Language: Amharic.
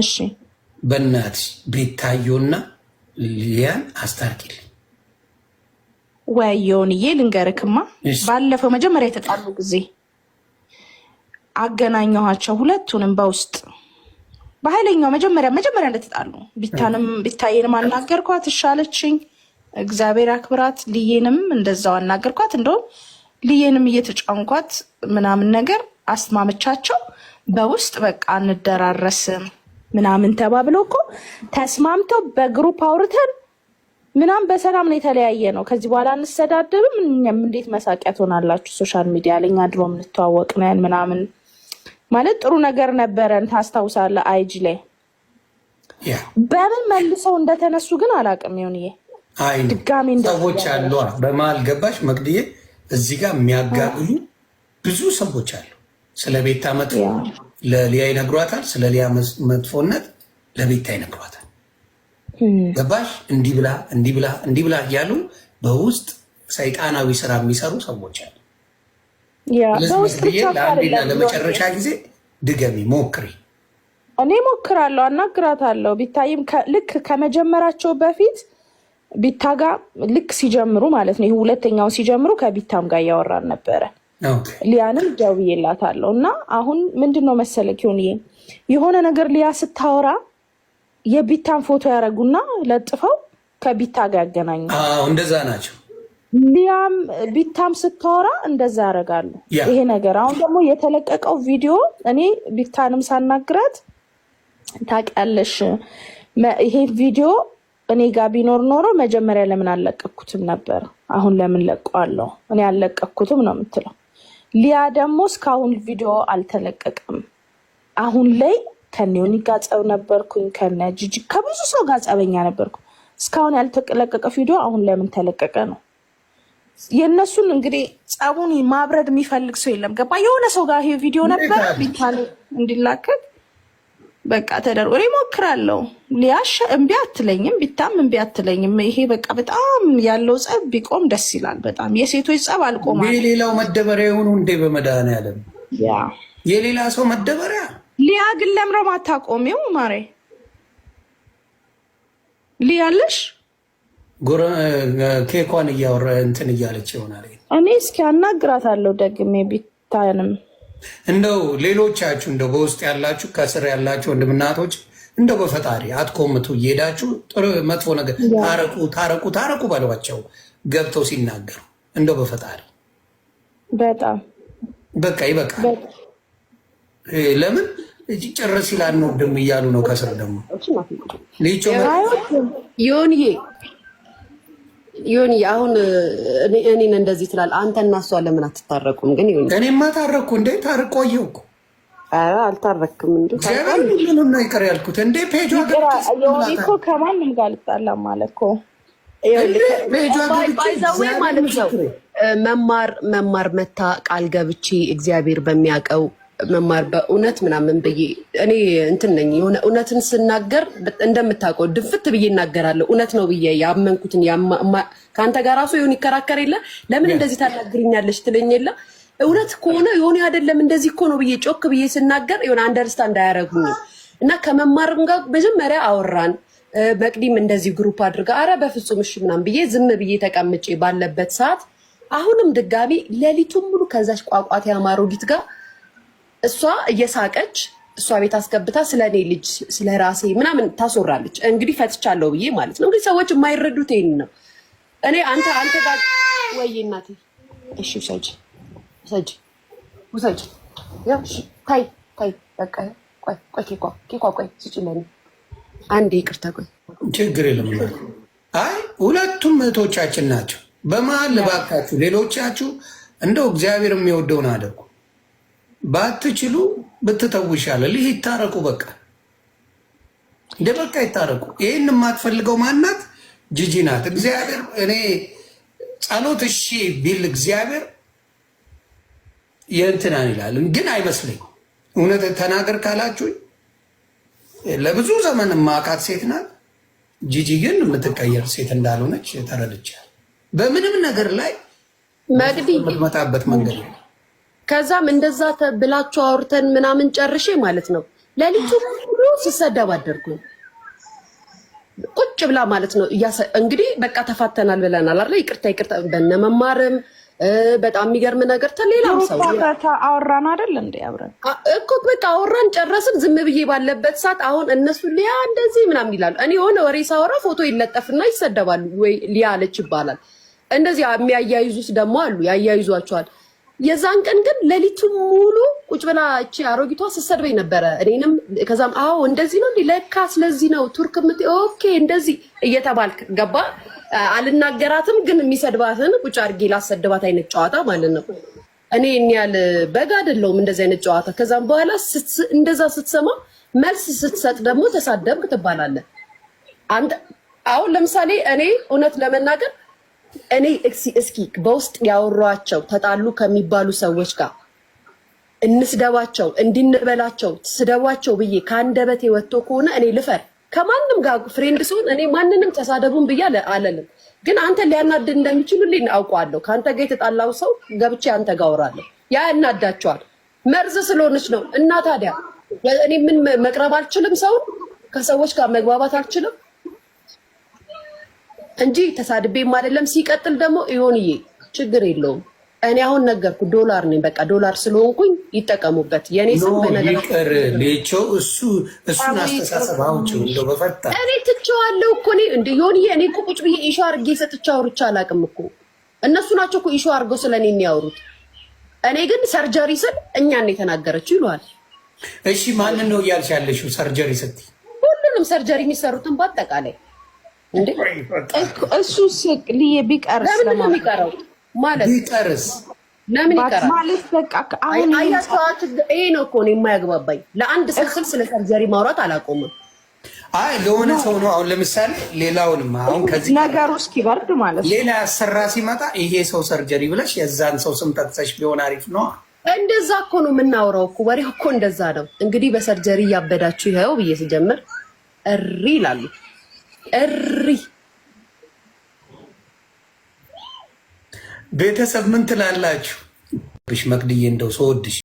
እሺ በእናት ቤታየውና ሊያን አስታርቂልኝ። ወየውንዬ ልንገርክማ፣ ባለፈው መጀመሪያ የተጣሉ ጊዜ አገናኘኋቸው ሁለቱንም በውስጥ በኃይለኛው መጀመሪያ መጀመሪያ እንደተጣሉ ቢታንም ቢታየንም አናገርኳት፣ እሻለችኝ። እግዚአብሔር አክብራት። ልዬንም እንደዛው አናገርኳት። እንደውም ልዬንም እየተጫንኳት ምናምን ነገር አስማመቻቸው በውስጥ በቃ እንደራረስም ምናምን ተባብሎ እኮ ተስማምተው በግሩፕ አውርተን ምናምን በሰላም ነው የተለያየ ነው። ከዚህ በኋላ አንሰዳደብም። እኛም እንዴት መሳቂያ ትሆናላችሁ ሶሻል ሚዲያ ለኛ ድሮ የምንተዋወቅ ነን ምናምን ማለት ጥሩ ነገር ነበረን። ታስታውሳለህ? አይጂ ላይ በምን መልሰው እንደተነሱ ግን አላውቅም። ይሁንዬ ድጋሚ ሰዎች አሉ በመሀል ገባሽ መቅድዬ፣ እዚህ ጋር የሚያጋግሉ ብዙ ሰዎች አሉ። ስለ ቤታ መጥፎ ለሊያ ይነግሯታል። ስለ ሊያ መጥፎነት ለቤታ ይነግሯታል። ገባሽ? እንዲህ ብላ እንዲህ ብላ እንዲህ ብላ እያሉ በውስጥ ሰይጣናዊ ስራ የሚሰሩ ሰዎች አሉ። ለአንዴና ለመጨረሻ ጊዜ ድገሚ ሞክሪ። እኔ ሞክራለሁ፣ አናግራታለሁ። ቢታይም ልክ ከመጀመራቸው በፊት ቢታ ጋር ልክ ሲጀምሩ ማለት ነው፣ ይህ ሁለተኛው ሲጀምሩ ከቢታም ጋር እያወራን ነበረ ሊያንም ደውዬላታለሁ እና አሁን ምንድን ነው መሰለህ ኪሆንዬ የሆነ ነገር ሊያ ስታወራ የቢታን ፎቶ ያደረጉና ለጥፈው ከቢታ ጋር ያገናኙ እንደዛ ናቸው። ሊያም ቢታም ስታወራ እንደዛ ያደርጋሉ። ይሄ ነገር አሁን ደግሞ የተለቀቀው ቪዲዮ እኔ ቢታንም ሳናግራት ታውቂያለሽ፣ ይሄ ቪዲዮ እኔ ጋር ቢኖር ኖሮ መጀመሪያ ለምን አልለቀኩትም ነበር? አሁን ለምን ለቀዋለሁ? እኔ አልለቀኩትም ነው የምትለው ሊያ ደግሞ እስካሁን ቪዲዮ አልተለቀቀም። አሁን ላይ ከኔውን ይጋጸብ ነበርኩኝ፣ ከነ ጅጅ ከብዙ ሰው ጋር ጸበኛ ነበርኩ። እስካሁን ያልተለቀቀ ቪዲዮ አሁን ላይ ምን ተለቀቀ ነው? የእነሱን እንግዲህ ጸቡን ማብረድ የሚፈልግ ሰው የለም። ገባ የሆነ ሰው ጋር ይሄ ቪዲዮ ነበር ቢታል እንዲላከል በቃ ተደርጎ እኔ እሞክራለሁ። ሊያሸ እምቢ አትለኝም፣ ቢታም እምቢ አትለኝም። ይሄ በቃ በጣም ያለው ጸብ ቢቆም ደስ ይላል። በጣም የሴቶች ጸብ አልቆም። የሌላው መደበሪያ የሆኑ እንዴ በመድኃኒዓለም የሌላ ሰው መደበሪያ ሊያ ግን ለምረም አታቆሚው ማሬ ሊያለሽ ኬኳን እያወራ እንትን እያለች ይሆናል። እኔ እስኪ አናግራታለሁ ደግሜ ቢታንም እንደው ሌሎቻችሁ እንደው በውስጥ ያላችሁ ከስር ያላችሁ ወንድምናቶች እንደው በፈጣሪ አትኮምቱ፣ እየሄዳችሁ መጥፎ ነገር ታረቁ ታረቁ ታረቁ ባሏቸው ገብተው ሲናገሩ እንደው በፈጣሪ በጣም በቃ ይበቃል። ለምን ጭር ሲል አንወድም እያሉ ነው። ከስር ደግሞ ሊቾ ይሄ ይሁን አሁን እኔን እንደዚህ ትላል። አንተ እና እሷ ለምን አትታረቁም? ግን ይሁን እኔማ ታረኩ እንዴ ታርቆየው እኮ አልታረክም እንዴ ምንም ነው ይቅር ያልኩት እንዴ ፔጇ እኮ ከማንም ጋር ልጣላም ማለት እኮ ማለት ነው መማር መማር መታ ቃል ገብቼ እግዚአብሔር በሚያውቀው መማር በእውነት ምናምን ብዬ እኔ እንትን ነኝ የሆነ እውነትን ስናገር እንደምታውቀው ድፍት ብዬ እናገራለሁ። እውነት ነው ብዬ ያመንኩትን ከአንተ ጋር ራሱ የሆን ይከራከር የለ ለምን እንደዚህ ታናግርኛለች ትለኝ የለ እውነት ከሆነ የሆነ አይደለም እንደዚህ እኮ ነው ብዬ ጮክ ብዬ ስናገር የሆነ አንደርስታ እንዳያደረጉኝ እና ከመማርም ጋር መጀመሪያ አወራን። መቅዲም እንደዚህ ግሩፕ አድርጋ አረ በፍጹም እሺ ምናምን ብዬ ዝም ብዬ ተቀምጬ ባለበት ሰዓት አሁንም ድጋሚ ሌሊቱን ሙሉ ከዛች ቋቋት ያማሮጊት ጋር እሷ እየሳቀች እሷ ቤት አስገብታ ስለ እኔ ልጅ ስለ ራሴ ምናምን ታስወራለች። እንግዲህ ፈትቻለሁ ብዬ ማለት ነው። እንግዲህ ሰዎች የማይረዱት ይህን ነው። እኔ አንተ አንተ ጋር ወይ እናቴ፣ እሺ ውሰጅ፣ ውሰጅ፣ ውሰጅ፣ ታይ ታይ፣ በቃ ቆይ ቆይ፣ ኬኳ ኬኳ፣ ቆይ ስጭ፣ ለኔ አንዴ ይቅርታ፣ ቆይ፣ ችግር የለም። አይ ሁለቱም እህቶቻችን ናቸው። በመሀል ልባካችሁ፣ ሌሎቻችሁ እንደው እግዚአብሔር የሚወደውን አደርጉ ባትችሉ ብትተው ይሻላል። ይህ ይታረቁ፣ በቃ እንደ በቃ ይታረቁ። ይህን የማትፈልገው ማናት? ጂጂ ናት። እግዚአብሔር እኔ ጸሎት እሺ ቢል እግዚአብሔር የእንትናን ይላል፣ ግን አይመስለኝ። እውነት ተናገር ካላችሁኝ ለብዙ ዘመን ማቃት ሴት ናት። ጂጂ ግን የምትቀየር ሴት እንዳልሆነች ተረድቻል። በምንም ነገር ላይ መግቢ የምትመጣበት መንገድ ነው። ከዛም እንደዛ ብላችሁ አውርተን ምናምን ጨርሼ ማለት ነው ለልጁ ሁሉ ስሰደብ አደርኩኝ። ቁጭ ብላ ማለት ነው እንግዲህ በቃ ተፋተናል ብለናል አይደል? ይቅርታ ይቅርታ በነ መማርም በጣም የሚገርም ነገር ሌላም ሰው አወራን አይደል እንዴ? አብረን እኮ በቃ አወራን ጨረስን። ዝም ብዬ ባለበት ሰዓት አሁን እነሱ ሊያ እንደዚህ ምናምን ይላሉ። እኔ የሆነ ወሬ ሳወራ ፎቶ ይለጠፍና ይሰደባሉ። ወይ ሊያ አለች ይባላል። እንደዚህ የሚያያይዙት ደግሞ አሉ፣ ያያይዟቸዋል የዛን ቀን ግን ለሊቱ ሙሉ ቁጭ ብላ እቺ አሮጊቷ ስትሰድበኝ ነበረ። እኔንም ከዛም አዎ እንደዚህ ነው ለካ ስለዚህ ነው ቱርክ ምት ኦኬ እንደዚህ እየተባልክ ገባ። አልናገራትም ግን የሚሰድባትን ቁጭ አድርጌ ላሰድባት አይነት ጨዋታ ማለት ነው። እኔ እኔ ያል በግ አይደለሁም እንደዚህ አይነት ጨዋታ። ከዛም በኋላ እንደዛ ስትሰማ መልስ ስትሰጥ ደግሞ ተሳደብክ ትባላለህ። አሁን ለምሳሌ እኔ እውነት ለመናገር እኔ እስኪ በውስጥ ያወሯቸው ተጣሉ ከሚባሉ ሰዎች ጋር እንስደባቸው እንድንበላቸው ስደቧቸው ብዬ ከአንደበቴ ወጥቶ ከሆነ እኔ ልፈር። ከማንም ጋር ፍሬንድ ሲሆን እኔ ማንንም ተሳደቡን ብዬ አለልም። ግን አንተ ሊያናድድ እንደሚችሉልኝ ልኝ አውቀዋለሁ። ከአንተ ጋር የተጣላው ሰው ገብቼ አንተ ጋር አወራለሁ። ያ ያናዳቸዋል። መርዝ ስለሆነች ነው። እና ታዲያ እኔ ምን መቅረብ አልችልም? ሰውን ከሰዎች ጋር መግባባት አልችልም? እንጂ ተሳድቤም አይደለም። ሲቀጥል ደግሞ ይሆንዬ ችግር የለውም። እኔ አሁን ነገርኩ፣ ዶላር ነኝ። በቃ ዶላር ስለሆንኩኝ ይጠቀሙበት። የኔ ስም ይቅር ሌቾ፣ እሱ እሱን አስተሳሰብ አውጭ እንደው በፈታ እኔ ትቼዋለሁ እኮ እኔ እንደ ዮኒዬ እኔ እኮ ቁጭ ብዬ ኢሾ አድርጌ ሰጥቼ አውርቼ አላውቅም እኮ። እነሱ ናቸው እኮ ኢሾ አድርገው እኔ የሚያወሩት። እኔ ግን ሰርጀሪ ስል እኛን ነው የተናገረችው ይሏል። እሺ ማንን ነው እያልሽ ያለሽው? ሰርጀሪ ስትይ ሁሉንም ሰርጀሪ የሚሰሩትን በአጠቃላይ እሱ ስቅ ልዬ ቢቀርስ ለምን ማለት ቢቀርስ ለምን ይቀራል ማለት በቃ አሁን አያስተዋት ይሄ ነው እኮ ነው የማያግባባኝ። ለአንድ ስልስል ስለ ሰርጀሪ ማውራት አላቆምም። አይ ለሆነ ሰው ነው አሁን ለምሳሌ ሌላውንም አሁን ከዚህ ነገሩ እስኪበርድ ማለት ነው ሌላ ያሰራ ሲመጣ ይሄ ሰው ሰርጀሪ ብለሽ የዛን ሰው ስም ጠቅሰሽ ቢሆን አሪፍ ነው። እንደዛ እኮ ነው የምናወራው እኮ ወሬው እኮ እንደዛ ነው። እንግዲህ በሰርጀሪ እያበዳችሁ ይኸው ብዬ ስጀምር እሪ ይላሉ። እሪ ቤተሰብ ምን ትላላችሁ? ብሽ መቅድዬ እንደው ሰወድሽ